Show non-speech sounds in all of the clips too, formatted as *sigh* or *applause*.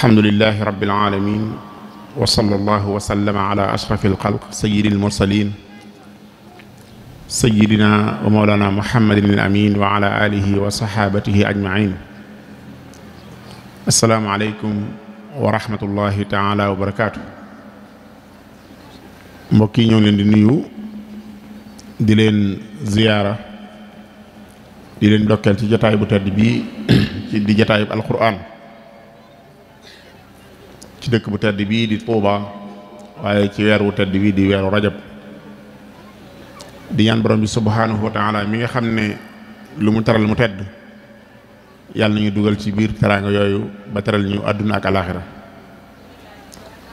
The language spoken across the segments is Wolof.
alhamdulilahi rabbil alamin wa sallallahu wa sallama ala ashrafi alxalq sayidi almursalin sayidina wa mawlana muhammadin al amin wa ala alihi wa sahabatihi ajmain assalaamu aleykum wa rahmatullahi taala wa barakaatu mbokk yi ñoo ngi leen di nuyu di leen ziyaara di leen dokkeel ci jataay bu tedd bii *clears throat* ci di jataayub alquran ci dëkk bu tedd bii di Touba waaye ci weer wu tedd bii di weeru rajab di ñaan borom bi subhaanahu wa mi nga xam ne lu mu taral mu tedd yàlla nañu dugal ci biir teraanga yooyu ba taral ñu àdduna ak alaaxira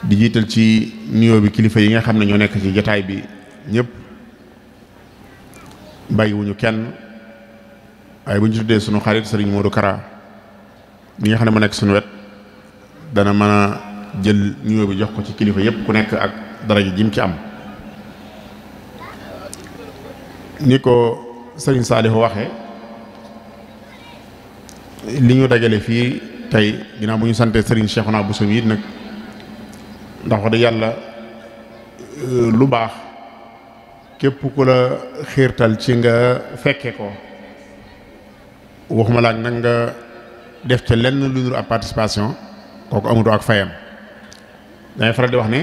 di jiital ci nuyoo bi kilifa yi nga xam ne ñoo nekk ci jataay bi ñëpp bàyyiwuñu kenn waaye bu ñu tuddee sunu xarit sëriñ Modou Kara bi nga xam ne mu nekk sunu wet dana mën jël nuyoo bi jox ko ci kilifa yépp ku nekk ak daraja jim ci am ni ko sëriñ Saalihu waxe li ñu dajale fii tey dinaa bu ñu sante sëriñ Cheikhouna Bousso yi nag ndax wax dëgg yàlla euh, lu baax képp ku la xiirtal ci nga fekke ko waxuma laaj nag nga def ca lenn lu dul ab participation kooku amutoo ak fayam day faral di wax ne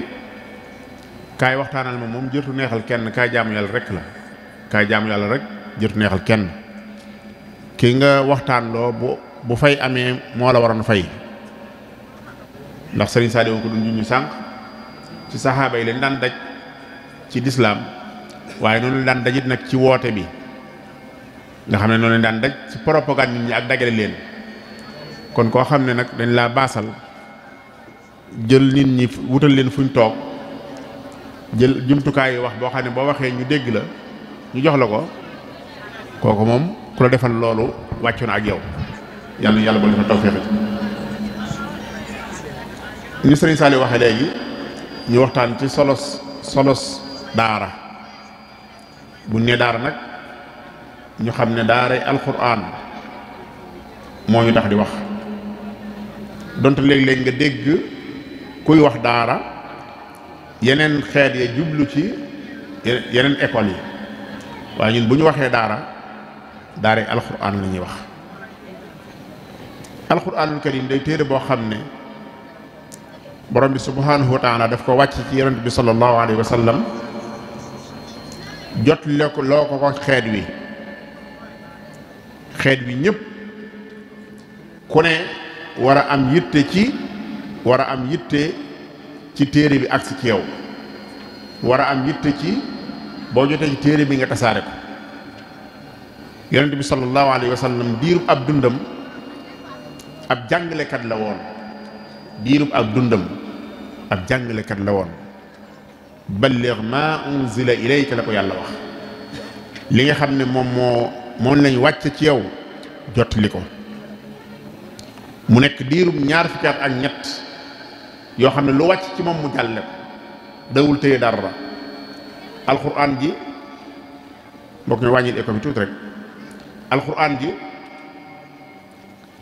kaay waxtaanal ma moom jërtu neexal kenn kaay jaamu yàlla rek la kaay jaamu yàlla rek jërtu neexal kenn kii nga waxtaan loo bu fay amee moo la waroon fay ndax sëriñ Sadio ko dun ñu sànq ci saxaaba yi lañ daan daj ci lislaam waaye noonu lañ daan dajit nag ci woote bi nga xam ne noonu lañ daan daj ci propagande nit ñi ak dagale leen kon koo xam ne nag dañ laa baasal jël nit ñi wutal leen fuñ toog jël jumtukaay yi wax boo xam ne boo waxee ñu dégg la ñu jox la ko kooku moom ku la defal loolu wàcc na ak yow yàlla yàlla boo defal tawfeex ni sëriñ Saliou waxee léegi ñu waxtaan ci solos solos daara bu ne daara nag ñu xam ne daara daaray alxuraan moo ñu tax di wax donte léeg-léeg nga dégg kuy wax daara yeneen xeet ya jublu ci yeneen école yi waaye ñun bu ñu waxee daara daara yi alxuraan la ñuy wax alxuraanul karim day téere boo xam ne borom bi subhaanahu wa taala daf ko wàcc ci yonent bi sallallahu alayhi wa sallam jot loo ko ko xeet wi xeet wi ñëpp ku ne war a am yitte ci war a am yitte ci téere bi agsi ci yow war a am yitte ci boo jotee ci téere bi nga tasaare ko yonent bi sallallahu alayhi wa sallam ab dundam ab jàngalekat la woon diirub ab dundam ab jàngalekat la woon balligh ma unzila ilayka la ko yàlla wax li nga xam ne moom moo moom lañ wàcce ci yow jot li ko mu nekk diirub ñaar fukki at ak ñett yoo xam ne lu wàcc ci moom mu jàlle ko dawul téye dara alxuraan ji mbokk ñu wàññil éco bi tuuti rek alxuraan ji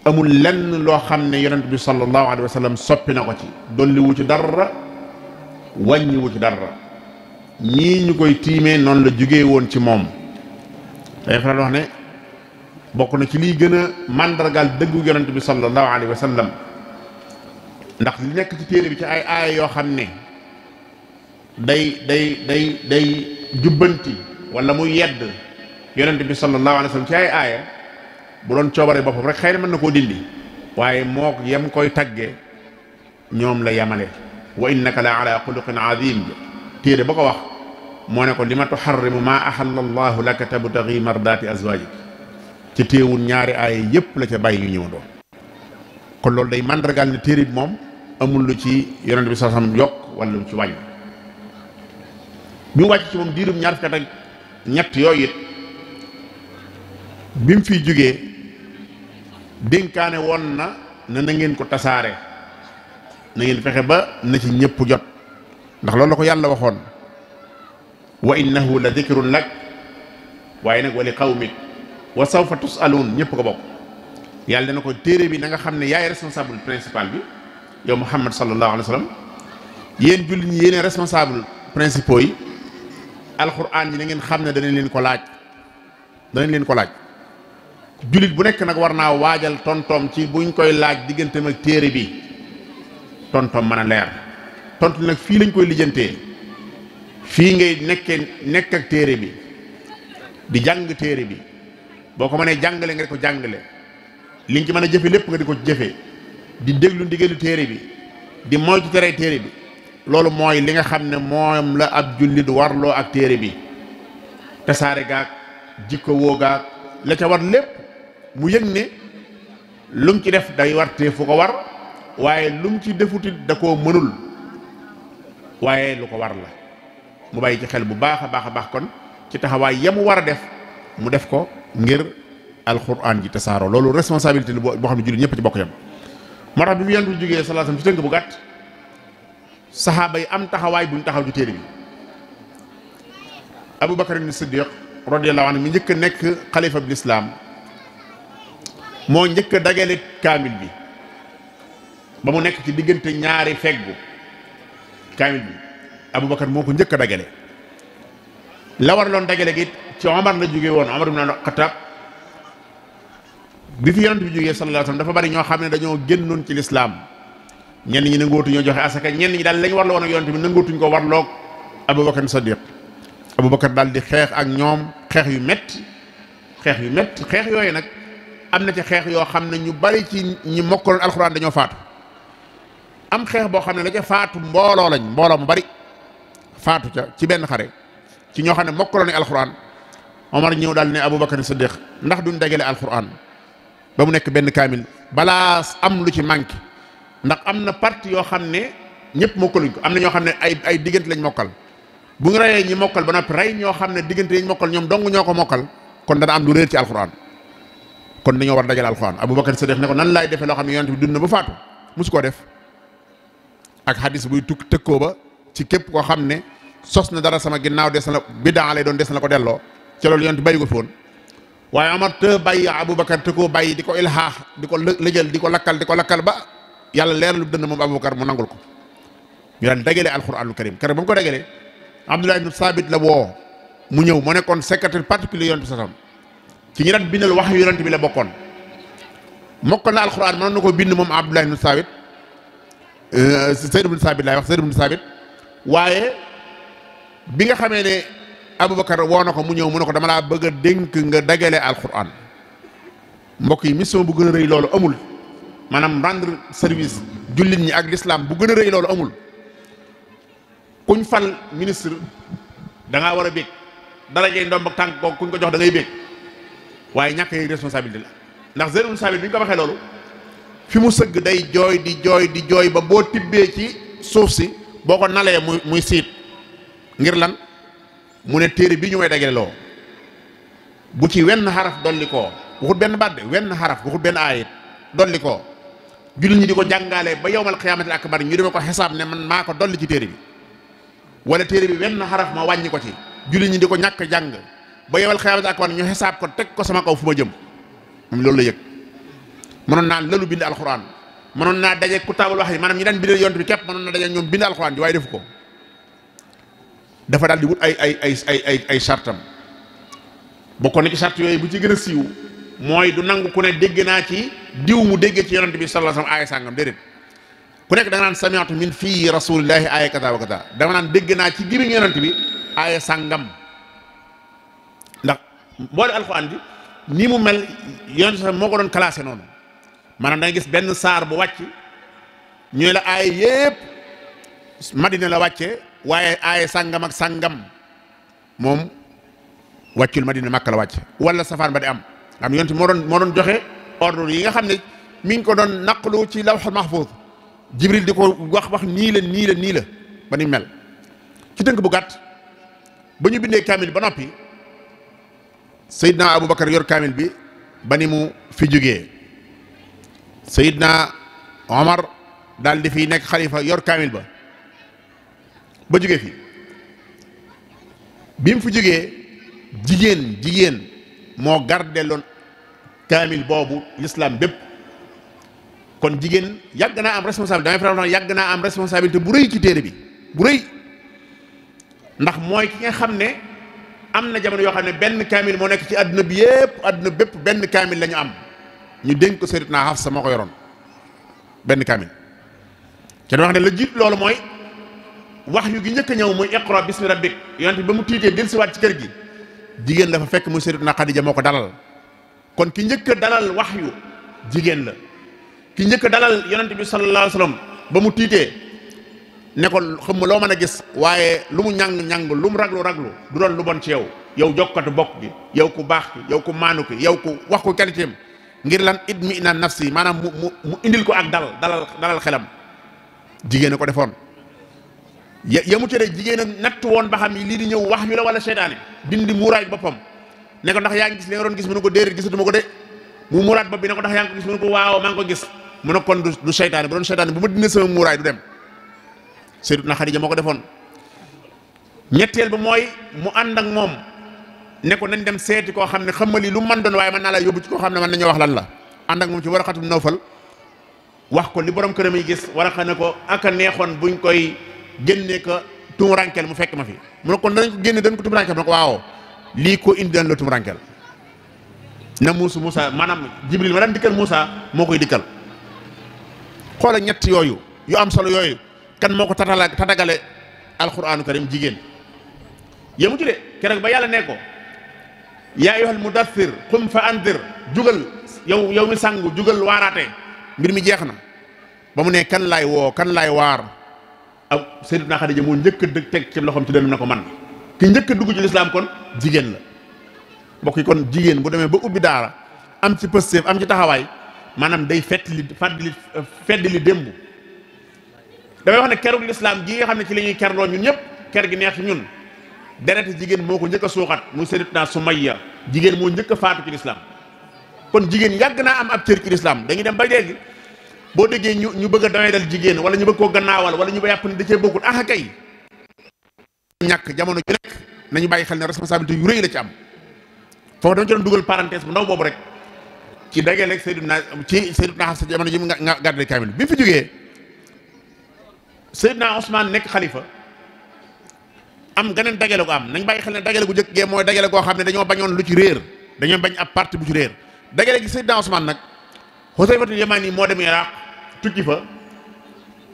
amul lenn loo xam ne yonent bi sallallahu alayhi wa sallam soppi na ko ci dolliwu ci dara wàññiwu ci dara ñii ñu koy tiimee noonu la jugee woon ci moom day faral wax ne bokk na ci liy gën a màndargaal dëggu yonent bi sallallahu alayhi wa ndax li nekk ci téere bi ci ay aaya yoo xam ne day day day day jubbanti wala muy yedd yonent bi sallallahu alayhi ci ay aaya bu doon coobaree boppam rek xëy na mën na koo dindi waaye moo yem koy tagge ñoom la yemale wa innaka la ala xuluqin azim téere ba ko wax moo ne ko li ma tuxarrimu maa ahalla allahu laka tabtagi mardaati azwajik ci téewul ñaari aaya yépp la ca bàyyi ñu ñëw doon kon loolu day màndargaal ne téere bi moom amul lu ci yonent bi sallallahu alayhi wasallam yokk wala lu ci wàññi bi mu wàcc ci moom diirum ñaar fukki at ak ñett yooyu it bi mu fiy jógee dénkaane woon na ne na ngeen ko tasaare na ngeen fexe ba na ci ñëpp jot ndax lool la ko yàlla waxoon wa innahu la dikrun lak waaye nag wa li qawmik wa sawfa tusaluun ñëpp ko bokk yàlla na ko téere bi na xam ne yaay responsable principal bi yow Muhammad sallallahu alayhi wa sallam yéen jullit ñi yéen responsable principaux yi alxuraan yi na ngeen xam ne danañ leen ko laaj danañ leen ko laaj jullit bu nekk nag war naa waajal tontoom ci buñ koy laaj digganteem ak téere bi tontoom mën a leer tontu nag fii lañ koy lijjantee fii ngay nekkee nekk ak téere bi di jàng téere bi boo ko mënee jàngale nga ko jàngale liñ ci mën a jëfe lépp nga di ko jëfee di déglu ndigalu téere bi di moytu tere téere bi loolu mooy li nga xam ne moom la ab du warloo ak téere bi tasaare gaag jikko woo la ca war lépp mu yëg ne lu ci def day warte fu ko war waaye lu mu ci defutit da koo mënul waaye lu ko war la mu bàyyi ci xel bu baax a baax a baax kon ci taxawaay ya mu war a def mu def ko ngir alxuraan ji tasaaroo loolu responsabilité la boo xam ne jullit ñëpp ci bokk yam moo tax bi mu yendu jógee salaasam ci tënk bu gàtt saxaaba yi am taxawaay buñ taxaw ci téere bi Abu Bakar ibn Siddiq radiyallahu anhu mi njëkk a nekk xalifa bi lislaam moo njëkk a dagale bi ba nekk ci diggante ñaari feggu kaamil bi Abu Bakar moo njëkk a dagale la war loon dagale gi ci Omar la jóge woon Omar ibn Xattaab bi fi yonent bi jógee sallallahu alayhi wasallam dafa bari ñoo xam ne dañoo génnoon ci lislaam ñenn ñi ne nangootuñoo joxe asaka ñenn ñi daal lañ warloo woon ak yonent bi nangootuñ ko warloog Abubakar Sadiq Abubakar daal di xeex ak ñoom xeex yu métti xeex yu métti xeex yooyu nag am na ci xeex yoo xam ne ñu bari ñi mokkaloon alxuraan dañoo faatu am xeex boo xam ne la ca faatu mbooloo lañ mbooloo mu bari faatu ca ci benn xare ci ñoo xam ne mokkaloon ma Omar ñëw daal ne Abubakar Sadiq ndax duñ dagale alxuraan ba mu nekk benn kaamil balaa am lu ci manqué ndax am na parti yoo xam ne ñëpp mokkaluñ ko am na ñoo xam ne ay ay diggante lañ mokkal bu ñu rayee ñi mokkal ba noppi rey ñoo xam ne diggante lañ mokkal ñoom dong ñoo ko mokkal kon dana am lu réer ci alxuraan kon dañoo war dajal alxuraan Abubakar Sadiq ne ko nan laay defee loo xam ne yonent bi dund na ba faatu mosu koo def ak hadis buy tukk tëkkoo ba ci képp koo xam ne sos na dara sama ginnaaw des na la bidaa doon des na ko delloo ci loolu yonent bàyyi ko fi waaye Omar te bàyyi Aboubacar te koo bàyyi di ko ilhaax di ko lëjal di ko lakkal di ko lakkal ba yàlla leer lu dënn moom Aboubacar mu nangul ko ñu daan dagale alxuraanul karim keroog ba ko dagalee Abdullah ibn Sabit la woo mu ñëw mu nekkoon secrétaire particulier yonent bi sa ci ñu daan bindal wax yonent bi la bokkoon mokkal na alxuraan mënoon na ko bind moom Abdullah ibn Sabit Zayd euh, ibn Sabit laay wax Zayd ibn Sabit waaye bi nga xamee Aboubacar woo na ko mu ñëw mun ne ko dama laa bëgg a dénk nga dagale alquran mbokk yi mission bu gën a rëy loolu amul maanaam rendre service jullit ñi ak l'islam bu gën a rëy loolu amul kuñ fal ministre dangaa war a bég dara jey ndomb ak tànk kuñ ko jox da ngay waaye ñàkk yëg responsabilité la ndax zéro responsabilité bi ñu ko waxee loolu fi mu sëgg day jooy di jooy di jooy ba boo tibbee ci suuf si boo ko nalee muy muy siit ngir lan mu ne téere bi ñu may dajaleloo bu ci wenn xaraf dolli ko waxut benn baat de wenn xaraf waxut benn aayit dolli koo jullit ñi di ko jàngaale ba yowmal xiyaamatil akbar ñu demee ko xisaab ne man maa ko dolli ci téere bi wala téere bi wenn xaraf ma wàññi ko ci julli ñu di ko ñàkk jàng ba yowal xiyaamatil akbar ñu xisaab ko teg ko sama kaw fu ma jëm moom loolu la yëg mënoon naa lalu bind alxuraan mënoon naa daje ku wax yi maanaam ñi daan bindal yont bi képp mënoon naa daje ñoom bind defu ko dafa daal di wut ay ay ay ay ay ay sartam bokkoon ci sart yooyu bu ci gën a siiw mooy du nangu ku ne dégg naa ci diw mu déggee ci yonent bi sallallahu alayhi wasallam aaya sàngam ku nekk da nga naan sami'tu min fii rasulillahi aaya kata wa kata dama dégg naa ci giriñ yonent bi aaya sàngam ndax mboole alxuraan bi ni mu mel yonent sax moo ko doon classé noonu maanaam da gis benn saar bu wàcc ñooy la aaya yépp madina la wàcce waaye aaye sàngam ak sàngam moom wàccul madina màkk la wàcc wala safaan ba di am am yonent moo doon joxe yi nga xam ne mi ngi ko doon naqlu ci lawhul mahfuz jibril di ko wax wax nii la nii la nii la ba ni mel ci tënk bu gàtt ba ñu bindee kaamil ba noppi Seydina Aboubacar yor kaamil bi ba ni mu fi jógee Seydina Omar daal di fiy nekk xalifa yor kaamil ba ba jógee fi bi mu fi jógee jigéen jigéen moo gardeloon kaamil boobu l'islam bépp kon jigéen yàgg naa am responsabilité damay faral yàgg naa am responsabilité bu rëy ci téere bi bu rëy ndax mooy ki nga xam ne am na jamono yoo xam ne benn kaamil moo nekk ci àdduna bi yépp àdduna bépp benn kaamil lañu am ñu dénk ko Sayyidatuna Hafsa moo ko yoroon benn kaamil. te wax ne loolu mooy wax yu ki njëkk a ñëw muy iqra bismi rabbik bi ba mu tiitee dellusiwaat ci kër gi jigéen la fa fekk muy sayyidatuna Xadija moo ko dalal kon ki njëkk a dalal wax yu jigéen la ki njëkk a dalal yonent bi sallallahu alayhi wa ba mu tiitee ne ko xam ma loo mën a gis waaye lu mu ñàng-ñàng lu mu raglu raglu du doon lu bon ci yow yow jokkatu bokk bi yow ku baax ki yow ku maanu ki yow ku wax ko qualitéem ngir lan it idmi ina nafsi maanaam mu mu indil ko ak dalal dalal dalal xelam jigéen ko defoon yamu ca de jigéen ak natt woon ba xam yi lii di ñëw wax yu la wala seytaane dindi muuraay boppam ne ko ndax yaa ngi gis li nga doon gis mu ko déedéet gisatuma ko de mu muuraat bopp bi ne ko ndax yaa ngi ko gis mu ne ko waaw maa ngi ko gis mu ne kon du seytaane bu doon seytaane bu ma dindi sama muuraay du dem Sayyidatuna Xadija moo ko defoon ñetteel ba mooy mu ànd ak moom ne ko nañ dem seeti koo xam ne xam li lu man doon waaye man naa la yóbbu ci koo xam ne mën nañoo wax lan la ànd ak moom ci wax ko li borom këram yi gis Waraqa ne ko aka neexoon buñ koy génne ko tumurankel mu fekk ma fi mu ne kon danañ ko génne dañ ko tumurankel mu ne ko waaw lii ko indi daan la tumurankel na muusu Moussa maanaam Jibril ma daan dikkal Moussa moo koy dikkal xoola ñett yooyu yu am solo yooyu kenn moo ko tatala tatagale alquranu karim jigéen yemu ci de keroog ba yàlla ne ko yaa ayyuhal mudaththir qum fa jugal yow yow mi sangu jugal waaraate mbir mi jeex na ba mu ne kan laay woo kan lay waar ak Sayyidatuna Xadija moo njëkk a teg ci loxoom ci dënnu na ko man ki njëkk a dugg ci lislaam kon jigéen la yi kon jigéen bu demee ba ubbi daara am ci pëstéef am ci taxawaay maanaam day fettali fàttali feddali démb damay wax ne kerug lislaam gi nga xam ne ci la ñuy ñun ñëpp ker gi neex ñun dereti jigéen moo ko njëkk a suuxat muy Sayyidatuna Sumayya jigéen moo njëkk a faatu ci lislaam kon jigéen yàgg naa am ab cër ci lislaam dañuy dem ba léegi boo déggee ñu ñu bëgg a dawee dal jigéen wala ñu bëgg koo gannaawal wala ñu ba yàpp ne da cee bokkul ah kay ñàkk jamono ju nekk nañu bàyyi xel ne responsabilité yu rëy la ci am foofu dama ci doon dugal parenthèse bu ndaw boobu rek ci dagee rek Seydina ci Seydina Hafsa jamono ji nga nga gardé kaamil bi fi jógee Seydina Ousmane nekk xalifa am ganeen dagale ko am nañ bàyyi xel ne dagale gu njëkk gee mooy dagale koo xam ne dañoo bañoon lu ci réer dañoo bañ ab parti bu ci réer dagale gi Seydina Ousmane nag Xusayfatul Yamaani moo demee Iraq tukki fa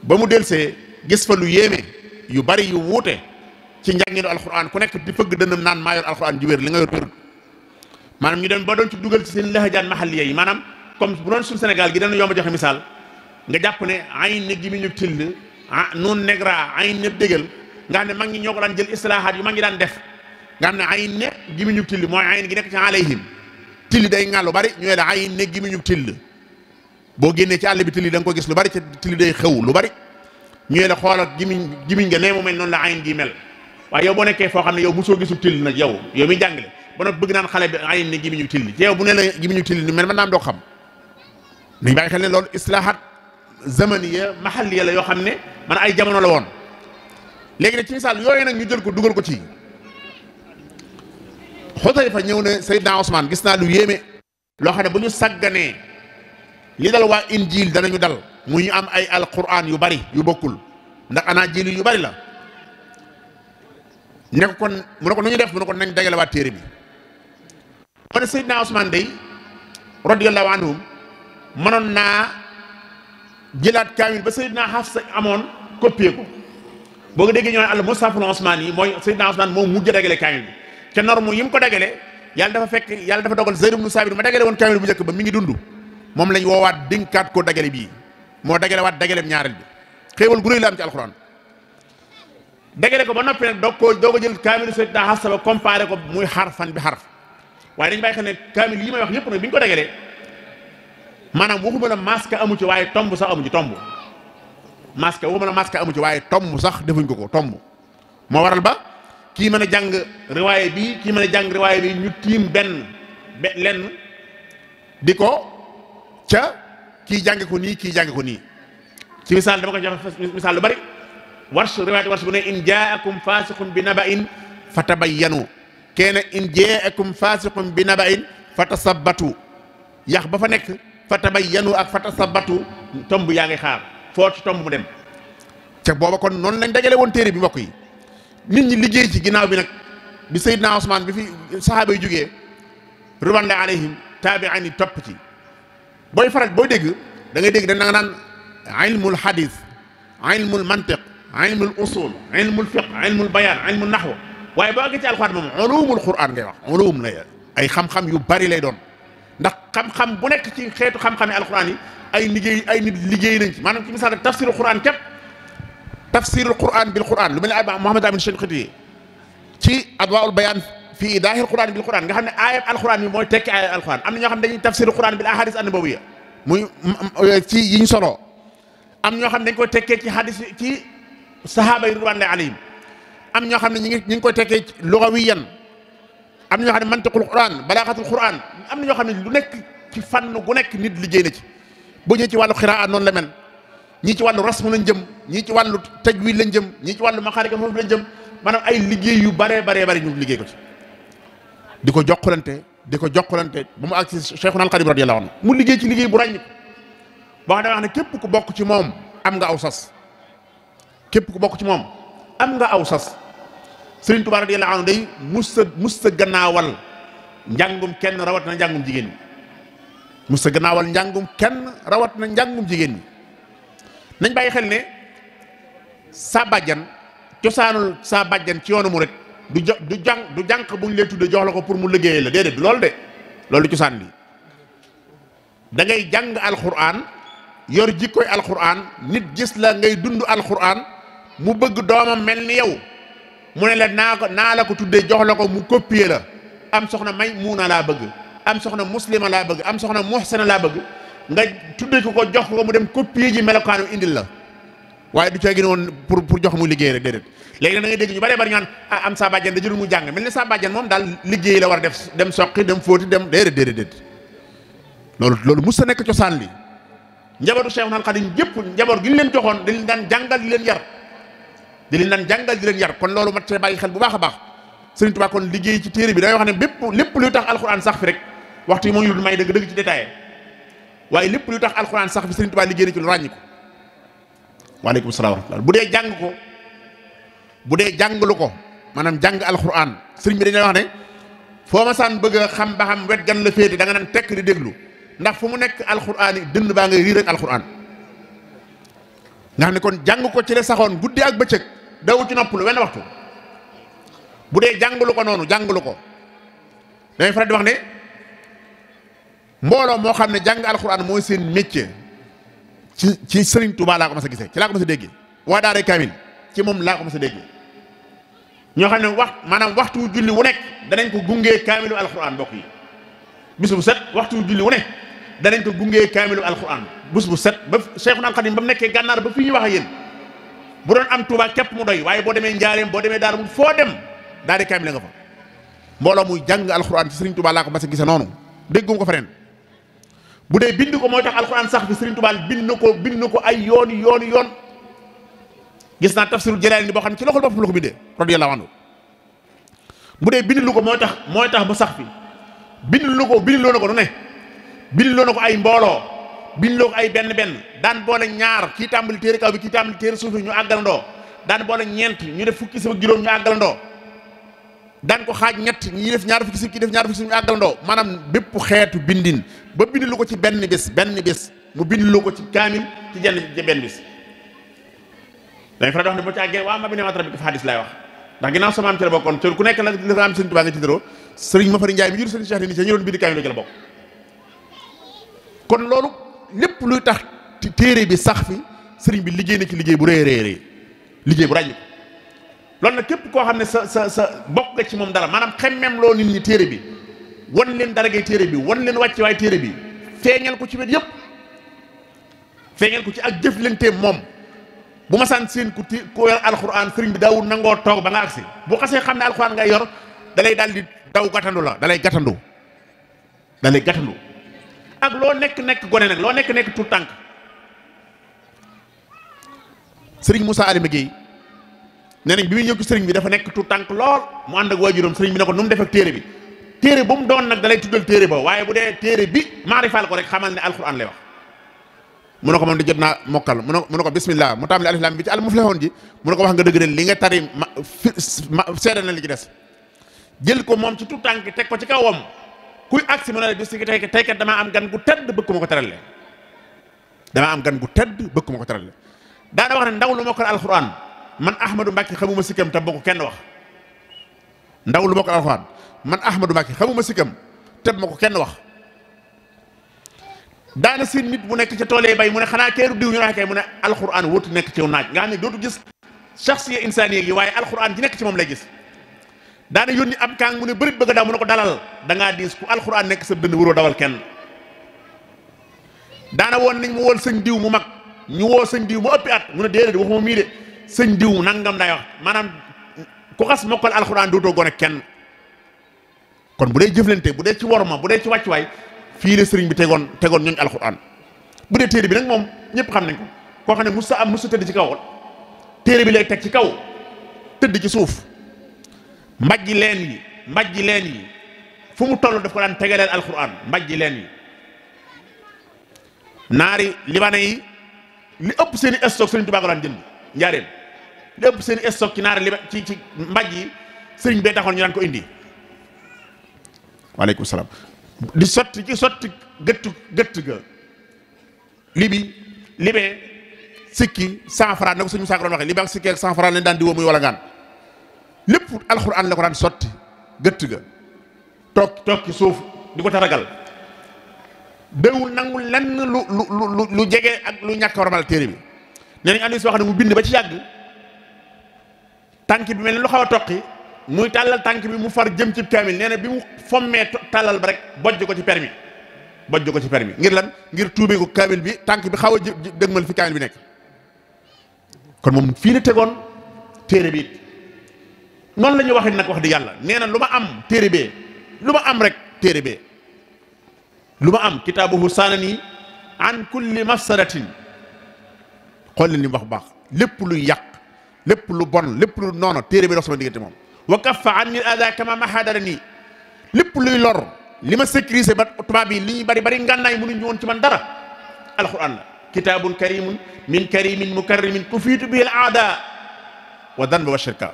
ba mu delsee gis fa lu yéeme yu bari yu wuute ci njànginu alxuraan ku nekk di fëgg dënam naan maa alxuraan ju li nga yor maanaam ñu dem ba doon ci dugal ci seen lahajaan maxalliya yi maanaam comme bu doon suñ Sénégal gi dana yomb joxe misaal nga jàpp ne ayn ne gi mi ñu till ah noonu negra ayn ne dégal nga xam ne mag ñi ñoo ko daan jël islaahaat yu mag ñi daan def nga xam ne ayn ne gi mi ñu till mooy ayn gi nekk ci alayhim till day ngàllu bari ñu ne la ayn ne gi mi ñu till boo génnee ci àll bi tili da nga ko gis lu bari ci tili day xew lu bari ñu la xoolal jimiñ jimiñ nga nee mu mel noonu la ayin gi mel waaye yow boo nekkee foo xam ne yow mosoo gisul tili nag yow yow mi jàngale ba nag bëgg naan xale bi ayin ne jimiñu tili te yow bu ne la jimiñu tili ni mel mën naa am doo xam nañ bàyyi xel ne loolu islaahat zamaniya mahaliya la yoo xam ne man ay jamono la woon léegi nag ci misaal yooyu nag ñu jël ko dugal ko ci fa ñëw ne Seydina Ousmane gis naa lu yéeme loo xam ne bu ñu sagganee li dal waa injiil danañu dal mu ñu am ay alquran yu bari yu bokkul ndax anaajiil yu bari la ne kon mu ne ko nu ñu def mu ne ko nañ dajale waa téere bi mu ne Seydina Ousmane day radiyallahu anhum mënoon naa jëlaat kaamil ba Seydina Hafsa amoon copier ko boo ko déggee ñoo ne al mushaful Ousmane yi mooy Seydina Ousmane moom mujj dagale kaamil bi ca norme yi mu ko dagale yàlla dafa fekk yàlla dafa dogal Zayd ibn Sabit bu njëkk ba mi ngi dund moom lañ woowaat dénkaat ko dagale bii moo dagalewaat dagaleem ñaareel bi xéewal gu rëy la am ci alxuraan dagale ko ba noppi nag doog ko doog a jël kaamilu soo daa xas saba comparé ko muy xarfan bi xarf waaye dañ bàyyi xam ne kaamil yi may wax yëpp nag bi ñu ko dagalee maanaam waxuma la masque amu ci waaye tomb sax amu ci tomb masque waxuma la masque amu ci waaye tomb sax defuñ ko ko tomb moo waral ba kii mën a jàng riwaaye bi kii mën a jàng riwaaye bi ñu tiim benn be ko ca kii jànge ko nii kii jànge ko nii ci misaal dama koy joxe misaal lu bari warsh riwaayati warsh bu ne in jaakum faasiqun bi naba'in fatabayyanu keene in jaakum faasiqun bi naba'in fatasabbatu yax ba fa nekk fatabayyanu ak fatasabbatu tomb yaa ngi xaar foo ci tomb mu dem ca booba kon noon lañ dajale woon téere bi mbokk yi nit ñi liggéey ci ginnaaw bi nag bi Seydina Ousmane bi fi sahaaba yi jógee rubanda alayhim taabi'ani topp ci booy faral booy dégg da ngay dégg da nga naan ilmul hadis ilmul mantiq ilmul usul ilmul fiq ilmul bayaan ilmul naxw waaye boo àggee ci alxuraan moom ulumul quran ngay wax ulum la ay xam-xam yu bari lay doon ndax xam-xam bu nekk ci xeetu xam-xami alxuraan yi ay liggéey ay nit liggéey nañ ci maanaam ci misaal rek tafsirul quran képp tafsirul quran bil quran lu mel ne Muhammad Amin Shinqiti ci adwaul bayaan fii idaahil quran bil quran nga xam ne aayab alquran bi mooy tekki aayab am na ñoo xam ne dañuy tafsir quran bil ahadis annabawiyya muy euh, ci yiñ soloo am ñoo xam ne dañ koy tekkee ci hadis ci sahaaba yi ridwanullahi alayhim am ñoo xam ne ñi ngi ñi ngi koy tekkee lugawiyan am na ñoo xam ne mantiqul quran balaaxatul quran am na ñoo xam ne lu nekk ci fànn gu nekk nit liggéey na ci bu ñëwee ci wàllu xiraa noonu la mel ñii ci wàllu rasmu lañ jëm ñii ci wàllu tajwid lañ jëm ñii ci wàllu maxaarika foofu lañ jëm maanaam ay liggéey yu baree baree bari ñu liggéey di ko jokkalante di ko jokkalante ba mu àgg si Cheikhuna al Xadim radiyallahu anhu mu liggéey ci liggéey bu ràññi ba nga xam ne képp ku bokk ci moom am nga aw sas képp ku bokk ci moom am nga aw sas Serigne Touba radiyallahu anhu day musta musta gannaawal njàngum kenn rawat na njàngum jigéen ñi musta gannaawal njàngum kenn rawat na njàngum jigéen ñi nañ bàyyi xel ne saa bàjjan cosaanul saa bàjjan ci yoonu rek du jo du jànq du jànq bu ñu lay tuddee jox la ko pour mu liggéeyee la déedéet loolu de loolu du cosaan bi da ngay jàng alxuraan yor jikkoy alxuraan nit gis la ngay dund alxuraan mu bëgg doomam mel ni yow mu ne la naa ko naa la ko tuddee jox la ko mu copier la am soxna may muuna laa bëgg am soxna muslima laa bëgg am soxna muhsana laa bëgg nga tuddee ko ko jox ko mu dem copier ji melokaanu indil la. waaye du caa gën woon pour pour jox mu liggéey rek déedéet léegi nag da ngay dégg ñu bëree bëri ñaan ah am saa bàjjan da jëlul mu jàng mel ni saa bàjjan moom daal liggéey la war a def dem soqi dem fóoti dem déedéet déedéet déedéet loolu loolu mos sa nekk cosaan li njabootu Cheikh Nal Xadim gépp njaboot gi ñu leen joxoon dañ daan jàngal di leen yar di leen daan jàngal di leen yar kon loolu mat see bàyyi xel bu baax a baax Sëriñ Tuubaa kon liggéey ci téere bi dangay wax ne bépp lépp luy tax alxuraan sax fi rek waxtu yi moo ngi lu may dëgg dëgg ci détaillé waaye lépp luy tax alxuraan sax fi Sëriñ Tuubaa liggéey na ci lu ràññi ko waaleykum salaam bu dee jàng ko bu dee jàngalu ko maanaam jàng alxuraan sëriñ bi dañuy wax ne foo ma saan bëgg a xam ba xam wet gan la féete da nga tekk di déglu ndax fu mu nekk alxuraan yi dënd baa ngay riir alxuraan nga xam ne kon jàng ko ci la saxoon guddi ak bëccëg dawu ci nopp lu wenn waxtu bu dee jàngalu ko noonu jàngalu ko dañuy faral wax ne mbooloo moo xam ne jàng alxuraan mooy seen métier. ci ci Serigne Touba laa ko mas a gisee ci laa ko mas a déggee waa Daara Kamil ci moom laa ko mas a déggee ñoo xam ne wax maanaam waxtu julli wu nekk danañ ko gungee kaamilu alxuraan mbokk yi bis bu set waxtu julli wu nekk danañ ko gungee kaamilu alxuraan bis bu set ba Cheikhul Khadim ba mu nekkee gànnaar ba fii ñu wax ak yéen bu doon am Touba képp mu doy waaye boo demee Njaareem boo demee daar mu foo dem Daara Kamil nga fa mbooloo muy jàng alxuraan ci Serigne Touba laa ko mas a gisee noonu déggum ko fa ren bu dee bind ko mooy tax alxuraan sax bi Serigne Touba bind na ko bind na ko ay yoon yoon yoon gis naa tafsirul Jalaal ni boo xam ne ci loxol boppam la ko bindee radiyallahu anhu bu dee bind lu ko mooy tax moo tax ba sax bi bind lu ko bind loo na ko nu ne bind loo na ko ay mbooloo bind loo ko ay benn benn daan boole ñaar kii tàmbali téere kaw bi kii tàmbali téere suuf bi ñu àggalandoo daan boole ñeent ñu def fukki sama juróom ñu àggalandoo daan ko xaaj ñett ñi def ñaar fukki si kii def ñaar fukki si maanaam bépp xeetu bindin ba bind lu ko ci benn bis benn bis mu bind lu ko ci kaamil ci jenn ci benn bis dañ faral di wax ne boo ci àggee waa ma bi ne matara bi dafa xadis laay wax ndax ginnaaw sama am ci ku nekk la dafa am Sëriñ Tuubaa nga ci dëroo Sëriñ Mafari Njaay bi jur la bokk kon loolu lépp luy tax téere bi sax fi sëriñ bi liggéey na ci liggéey bu rëy rëy rëy liggéey bu ràññi loolu na képp koo xam ne sa sa sa bokk nga ci moom dara maanaam xemmeem loo nit ñi téere bi wan leen daragay téere bi won leen wàcce waay téere bi feeñal ko ci wet yëpp feeñal ko ci ak jëf moom bu ma saan seen ku ti ku yor alxuraan sëriñ bi daawul nangoo toog ba nga agsi bu xasee xam ne alxuraan ngay yor dalay daal di daw gàttandu la dalay gàttandu dalay gàttandu ak loo nekk-nekk gone nag loo nekk-nekk tout tànk sëriñ Moussa Alima Guèye nee nañ bi muy bi dafa nekk tout tànk lool mu ànd ak waajuram sëriñ bi ne ko nu mu def ak téere bi téere bu mu doon nag dalay tuddal téere ba waaye bu dee téere bi maarifaal ko rek xamal ne alxuraan lay wax mu ne ko moom di jot naa mokkal mu ne mu ne ko bismillah mu tàmbali alif lam bi ci al muflihoon ji mu ne ko wax nga dëgg li nga tari ma seede na li ci des jël ko moom ci tout tànk teg ko ci kawam kuy agsi mu ne la bis gi tey tey kat damaa am gan gu tedd bëgg ma ko terale damaa am gan gu tedd bëgg ma ko terale daana wax ne ndaw lu mokkal alxuraan man Ahmadou Mbacke xamuma sikkam te boo ko kenn wax ndaw lu mokkal alxuraan man Ahmadou Mbacké xamuma sikkam teb ma ko kenn wax daana si nit bu nekk ca toolee bay mu ne xanaa keeru diw ñu ne kay mu ne alxuraan wóotu nekk ci naaj nga xam ne dootu gis shaxsiya insaaniya gi waaye alxuraan ji nekk ci moom lay gis daana yónni am kaang mu ne bërit bëgg a daw mu ko dalal da ngaa diis ku alxuraan nekk sa dënd wuroo dawal kenn daana woon nañ mu wool sëñ diw mu mag ñu woo sëñ diw mu ëppi at mu ne déedéet waxuma mii de sëñ diw nangam day wax maanaam ku xas mokkal alxuraan dootoo gone kenn kon bu dee jëflante bu dee ci worma bu dee ci wàccuwaay fii la sëriñ bi tegoon tegoon ñooñu alxuraan bu dee téere bi nag moom ñëpp xam nañ ko koo xam ne musta am musta tëdd ci kaw téere bi lay teg ci kaw tëdd ci suuf mbajji leen yi mbajji leen yi fu mu toll daf ko daan tegaleel alxuraan mbajji leen yi naari libane yi li ëpp seen i stock sëriñ Tuubaa ko daan jënd njaareen li ëpp seen i stock ci naari liba ci ci mbaj yi sëriñ bee taxoon ñu ko indi waaleykum salaam di sotti ci sotti gëttu gëtt ga libi libee sikki cent na ko suñu saako doon waxee libi ak sikki ak cent franc lañ daan di muy wala ngaan lépp alxuraan la ko daan sotti gëtt ga toog toog ci suuf di ko taragal déwul nangu lenn lu lu lu lu jege ak lu ñàkk warmal téere bi nee nañ andi soo xam ne mu bind ba ci yàgg tànk bi mel ni lu xaw toqi muy tàllal tànk bi mu far jëm ci kaamil nee na bi mu fommee tàllal ba rek bojj ko ci permis bojj ko ci permis ngir lan ngir tuubee ko kaamil bi tànk bi xaw a dëgmal fi kaamil bi nekk kon moom fii la tegoon téere bi it noonu la ñuy waxit nag wax di yàlla nee na lu ma am téere bee lu ma am rek téere bee lu ma am kitaabuhu saanani an kulli mafsadatin xool leen li mu wax bu baax lépp luy yàq lépp lu bon lépp lu noonu téere bi dox sama diggante moom wa kaffa an min ada kama mahadara nii lépp luy lor li ma sécurisé ba tubaab yi li ñuy bari bari ngànnaay mënuñu woon ci man dara alquran la kitaabun karimun min karimin mukarrimin ku fiitu bihi al aada wa danba wa shirka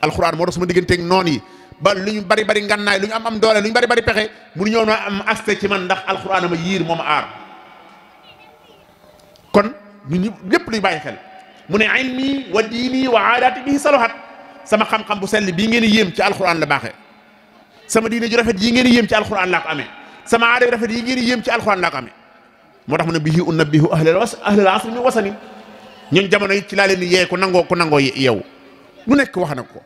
alquran moo dox sama digganteeg noon yi ba lu ñu bari bari ngànnaay lu ñu am am doole lu ñu bari bari pexe mënu ñoo ma am aste ci man ndax alquran ama yiir mooma aar kon ñun ñëpp luy bàyyi xel mu ne ilmi wa diini wa aadaati bihi salahat sama xam-xam bu sell bii ngeen yéem ci alxuraan la baaxee sama diine ju rafet yi ngeen yéem ci alxuraan laa ko amee sama aada rafet yi ngeen yéem ci alxuraan laa ko amee moo tax bi ne bihi unabbihu ahlal was ahlal asri min wasani ñun jamono yi ci laa leen di yee ko nangoo ku nangoo yow nekk wax na ko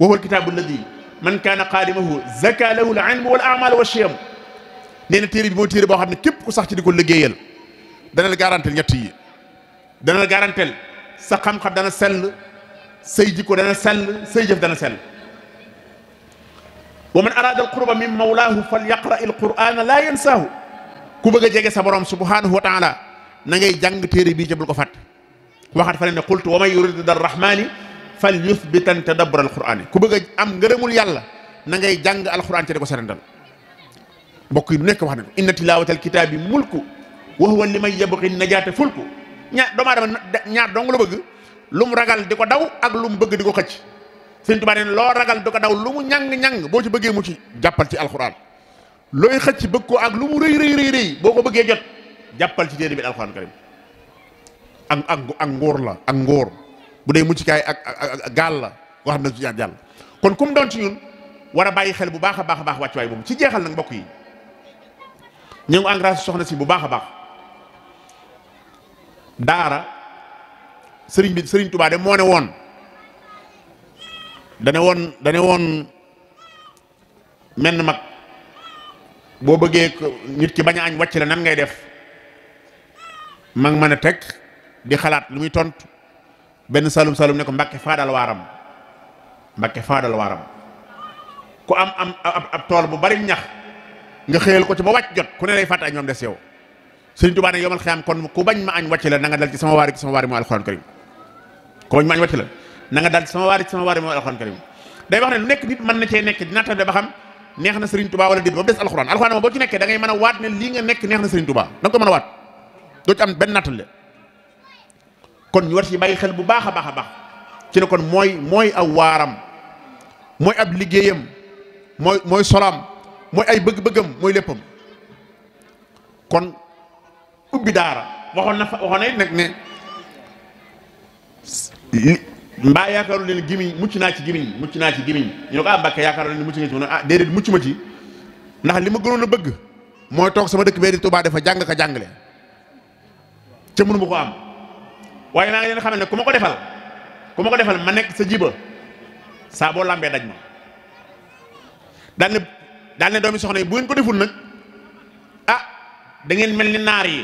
wawal kitaabu alladi man kaana qaadimahu zaka lahu al ilmu wal amalu wa shiyam nee na téere bi mooy téere boo xam ne képp ku sax ci di ko liggéeyal dana la garantel ñett yi dana la sa xam dana sell say jikko dana sell say jëf dana sell wa man araada alqurba min mawlaahu fal yaqra alqurana laa yansaahu ku bëgg a jege sa borom subhanahu wa taala na ngay jàng téere bii jëbul ko fàtt waxat fa ne ne qultu wa man yurid darrahmani fal yuthbitan tadabbur alqurani ku bëgg am ngërëmul yàlla na ngay jàng alquran te ko serendal mbokk yi lu nekk wax na ko inna tilawata alkitaabi mulku wa huwa liman yabqi najata fulku ñaar ñaar dong la bëgg lu mu ragal di ko daw ak lu mu bëgg di ko xëcc sëñ Tuubaa neen loo ragal di ko daw lu mu ñàng-ñàng boo ci bëggee mu ci jàppal ci alxuraan looy xëcc bëgg ko ak lu mu rëy rëy rëy boo ko bëggee jot jàppal ci téere bi alxuraan karim ak ak ak la ak ngóor bu dee muccukaay ak ak gaal la koo xam ne ci jàll kon kum doon ci ñun war a bàyyi xel bu baax a baax a baax wàccuwaay boobu ci jeexal nag bokk yi ñu ngi engrais soxna si bu baax a baax daara sëriñ bi sëriñ Touba de moo ne woon dane woon dane woon menn mag boo bëggee nit ki bañ a añ wàcc la nan ngay def mag mën a teg di xalaat lu muy tontu benn salum salum nekk ko Mbàkke faadal waaram Mbàkke faadal waaram ku am am ab tool bu bari ñax nga xëyal ko ci ba wàcc jot ku ne lay fàtte añ moom des yow Sëriñ Tuubaa ne yomal xiyam kon ku bañ ma añ wàcc la na dal ci sama waari ci sama waari mu alxuraan karim kooñ maañ wati la na nga daal ci sama waar ci sama waar mooy alxuraan karim day wax ne lu nekk nit mën na cee nekk dina tax ba xam neex na Serigne Touba wala déet ba mu des alxuraan alxuraan moom boo ci nekkee da ngay a waat ne lii nga nekk neex na Serigne Touba da nga ko a waat doo ci am benn nattale kon ñu war ci bàyyi bu baax a baax ci ne kon mooy mooy aw waaram mooy ab liggéeyam mooy mooy solaam mooy ay bëgg-bëggam mooy léppam kon ubbi daara waxoon na fa waxoon na nag ne mbaa yaakaaru leen gimiñ mucc naa ci gimiñ mucc naa ci gimiñ ñu ne ko ah Mbàkke yaakaaru leen mucc nga ci mu ne ah déedéet mucc ma ci ndax li ma gënoon a bëgg mooy toog sama dëkk bee di Tuubaa dafa jàng ka jàngale ca mënu ma ko am waaye naa ngi leen xam ne ku ma ko defal ku ma ko defal ma nekk sa jiba saa boo lambee daj ma daal ne daal ne doomi soxna yi bu ngeen ko deful nag a ah, da ngeen mel ni naar yi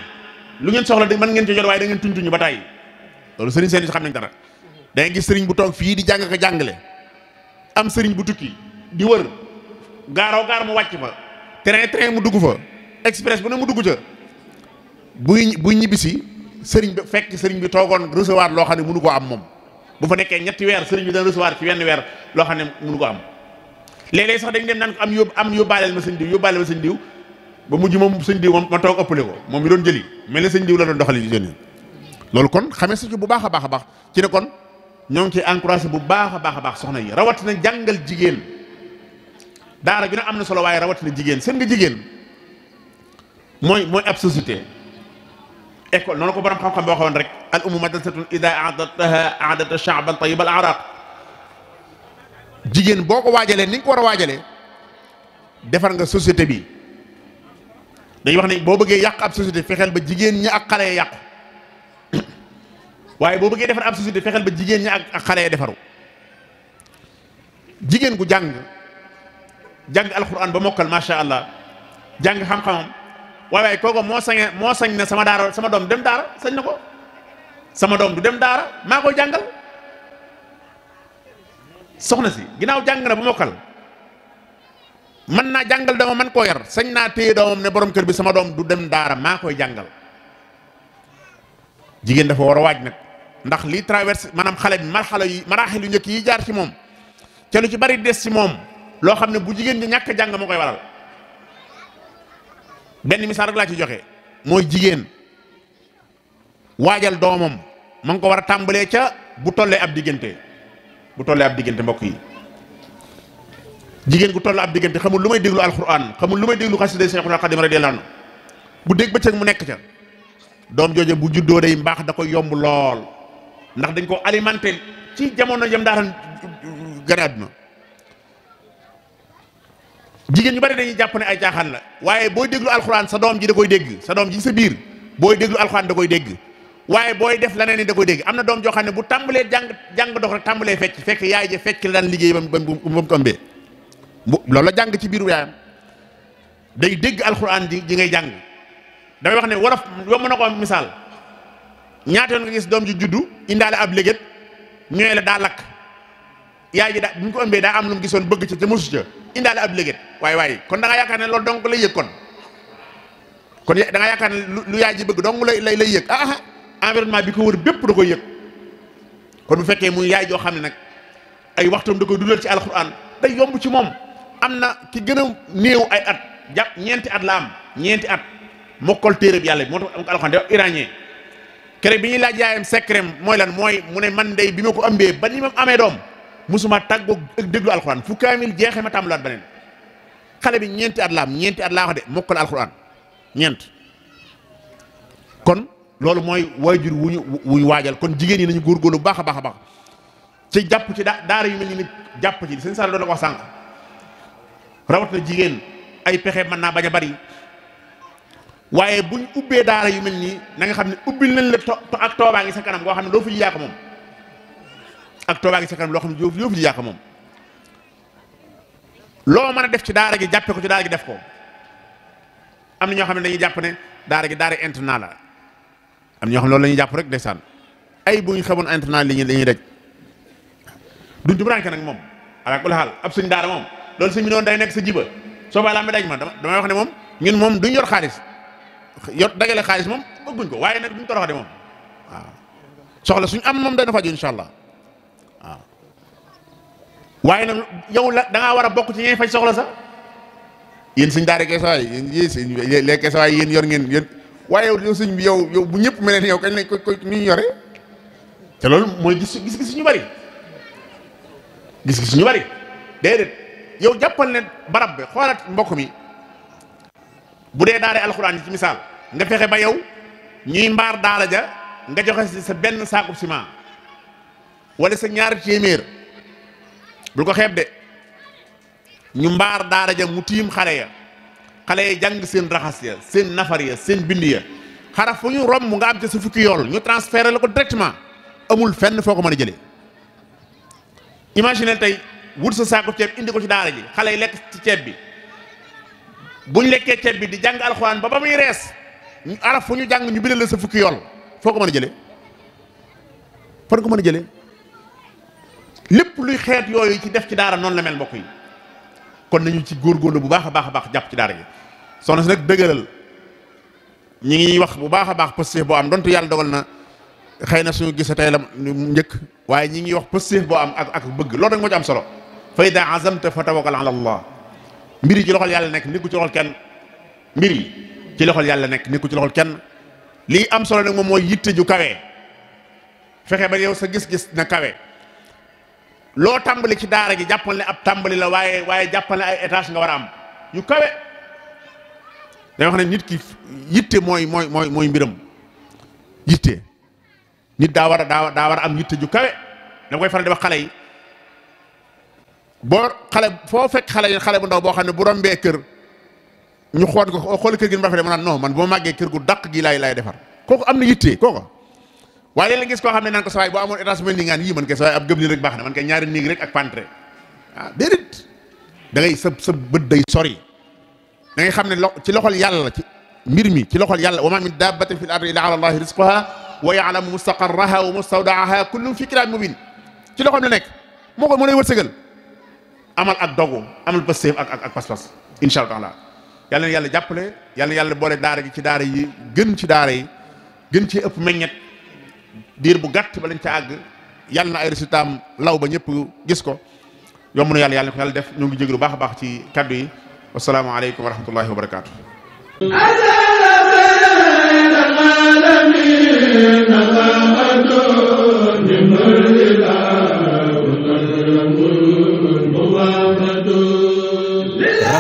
lu ngeen soxla mën ngeen ci jot waaye da ngeen tuñ tuñ ba tàyyi loolu sëriñ seen yi xam nañ dara da gis sëriñ bu toog fii di jàng ko jàngale am sëriñ bu tukki di wër gaaroo gaar mu wàcc ma train train mu dugg fa express bu ne mu dugg ca buy buy ñibbisi sëriñ bi fekk sëriñ bi toogoon recevoir loo xam ne mënu ko am moom bu fa nekkee ñetti weer sëriñ bi dana recevoir ci wenn weer loo xam ne mënu ko am léeg sax dañ dem naan ko am yób am yóbbaaleel ma sëñ diw yóbbaaleel ma sëñ diw ba mujj moom sëñ diw moom ma toog ëppale ko moom mi doon jëli mel sëñ diw la doon doxali jëni loolu kon xamee su bu baax a baax a baax ci kon ñoo ngi ciy encouragé bu baax a baax a baax soxna yi rawatina jàngal jigéen daara ju ne am na solo waaye rawatina jigéen seen nga jigéen mooy mooy ab société école noonu ko borom xam-xam boo waxoon rek al ummu madrasatun ida aadataha aadata shaaban tayyib al araq jigéen boo ko waajalee ni ko war a waajalee defar nga société bi dañuy wax ne boo bëggee yàq ab société fexeel ba jigéen ñi ak xale yàqu waaye boo bëggee defar ab société fexeel ba jigéen ñi ak ak xale yi defaru jigéen gu jàng jàng alxuraan ba mokkal macha allah jàng xam-xamam waaye waaye kooku moo sañee moo sañ ne sama daara sama doom dem daara sañ na ko sama doom du dem daara maa koy jàngal soxna si ginnaaw jàng na mën naa jàngal doomam man koo sañ naa téye doomam ne bi sama doom du dem daara maa koy jàngal jigéen dafa war a waaj nag ndax lii traverse maanaam xale bi marxala yi maraaxil yu njëkk yi jaar ci moom ca lu ci bari des ci moom loo xam ne bu jigéen ñi ñàkk jàng moo koy waral benn misaal rek laa ci joxe mooy jigéen waajal doomam ma ngi ko war a tàmbalee ca bu tollee ab diggante bu tollee ab diggante mbokk yi jigéen ku toll ab diggante xamul lu may déglu alxuraan xamul lu may déglu xasida Seexul Xadim radiyallaahu anhu bu dégg bëccëg mu nekk ca doom jooje bu juddoo day mbaax da koy yomb lool ndax dañ ko alimenté ci jamono jëm daataan garaat ma jigéen ñu bari dañuy jàpp ne ay caaxaan la waaye booy déglu alxuraan sa doom ji da koy dégg sa doom ji sa biir booy déglu alxuraan da koy dégg waaye booy def leneen ni da koy dégg am na doom joo xam ne bu tàmbalee jàng jàng dox rek tàmbalee fecc fekk yaay ja fecc la daan liggéey ba mu ba mu tombee loolu la jàng ci biiru yaayam day dégg alxuraan ji ji ngay jàng damay wax ne wolof yoo mën ko am misaal ñaata yoon nga gis doom ji juddu indaale ab léget ñooy la daa lakk yaay ji daa bu ñu ko am ëmbee daa am lu mu gisoon bëgg ca ca mosu ca indaale ab léget waaye waaye kon da yaakaar ne loolu donc lay yëg kon kon da yaakaar na lu yaay ji bëgg donc lay lay lay yëg ah, ah, ah environnement bi ko wër bépp da koy yëg kon bu fekkee mu yaay joo xam ne nag ay waxtam da koy dulal ci alxuraan day yomb ci moom am na ki gën a néew ay at jàpp ñeenti at la am ñeenti at mokkal téere yàlla moo tax am ko alxuraan kere bi ñuy laaj yaayam secret mooy lan mooy mu ne man dey bi ma ko ëmbee ba ni ma amee doom musuma tàggoo ak déglu alxuraan fu kaamil jeexee ma tàmbalaat beneen xale bi ñeenti at la am ñeenti at laa wax de mokkal alxuraan ñeent kon loolu mooy waajur wu ñu wu ñu waajal kon jigéen ñi nañu góorgóorlu bu baax a baax a baax ci jàpp ci daa daara yu mel ni nit jàpp ci seen sàll doon na ko wax sànq rawat na jigéen ay pexe mën naa bañ a bari waaye buñ ubbee daara yi mel nii na nga xam ne ubbil nañ la ak toobaa ngi sa kanam boo xam ne doo fi yàq moom ak toobaa ngi loo xam ne doo fi yàq moom loo mën a def ci daara gi jàppe ko ci daara gi def ko am na ñoo xam ne dañuy jàpp ne gi daara internat la am na ñoo la ñuy jàpp rek ndeysaan ay bu ñu xamoon internat li ñu dañuy daj duñ jumuraanke nag moom ala kulli xaal ab suñ daara moom loolu suñ bi day nekk sa jiba soo baa laa mi daj ma dama wax ne moom ñun moom duñ yor xaalis yot dagale xaalis moom bëgguñ ko waaye nag duñ torox de moom waaw soxla suñ am moom dana faju incha allah waaw waaye nag yow la dangaa war a bokk ci ñay faj soxla sax yéen suñ daara keesawaay yéen sëñ les keesawaay yéen yor ngeen yéen waaye yow sëñ bi yow yow bu ñëpp mel yow kañ lañ ko ko ñu yore te loolu mooy gis gis-gis ñu bari gis-gis ñu bari déedéet yow jàppal ne barab bi xoolat mbokk mi bu dee daara alxuraan yi ci misaal nga fexe ba yow ñuy mbaar daala ja nga joxe si sa benn saakub ciment wala sa ñaari téeméer bul ko xeeb de ñu mbaar daara ja mu tiim xale ya xale ya jàng seen raxas ya seen nafar ya seen bind ya xara fu ñu romb nga am ca sa fukki yool ñu transféré la ko directement amul fenn foo ko mën a jëlee imaginel tey wut sa saakub ceeb indi ko ci daara ji xale yi lekk ci ceeb bi bu ñu lekkee ceeb bi di jàng alxuraan ba ba muy rees araf fu ñu jàng ñu bindal la sa fukki yool foo ko mën a jëlee foo ko mën a jële lépp luy xeet yooyu ci def ci daara noon la mel mbokk yi kon nañu ci góor góorgóorlu bu baax a baax baax jàpp ci daara gi soxna si nag dëgëral ñi ngi wax bu baax a baax pëstéef boo am donte yàlla dogal na xëy na suñu gisa tey la njëkk waaye ñii ngi wax pëstéef boo am ak ak bëgg loolu nag moo ci am solo fa ida azamta fa tawakkal ala allah mbir yi ci loxol yàlla nekk nekku ci loxol kenn mbir ci loxol yàlla nekk nekku ci loxol kenn lii am solo nag moom mooy yitte ju kawee fexe ba yow sa gis-gis na kawe loo tàmbali ci daara ji jàppale ne ab tàmbali la waaye waaye jàppal ne ay étage nga war a am yu kawe day wax ne ki yitte mooy mooy mooy mbiram yitte nit daa war a daa war a am yitte ju kawe da koy faral di xale yi boo xale foo fekk xale yi xale bu ndaw boo xam ne bu rombee kër ñu xool ko oh, xool kër gi mu rafetee mu naan non man boo ma màggee kër gu dàq gi lay laay defar kooku am na yitte kooku waaye léeg-léeg gis koo xam ne naan ko sawaay boo amoon étage mel nii ngaan yii man kay sawaay ab gëm rek baax na man kay ñaari néeg rek ak pantre ah déedéet da ngay sa sa bët day sori da xam ne lo ci loxol yàlla ci mbir mi ci loxol yàlla wa ma min dabbatin fil ardi illa ala allahi rizquha wa ya'lamu mustaqarraha wa mustawdaaha kullun fi kitaabin mubin ci loxol la nekk moo ko moo lay wërsëgal amal ak dogu amal pas séef ak ak pas-pas allah taala yàlla na yàlla jàppale yàlla na yàlla boole daara gi ci daara yi gën ci daara yi gën ci ëpp meññet diir bu gàtt ba lañ ca àgg yàlla na ay résultat law ba ñëpp gis ko yomb na yàlla yàlla na ko yàlla def ñoo ngi jégalu baax a baax ci kaddu yi wasalaamu aleykum wa rahmatullahi wa barakaatu. العالمين غامدون بمر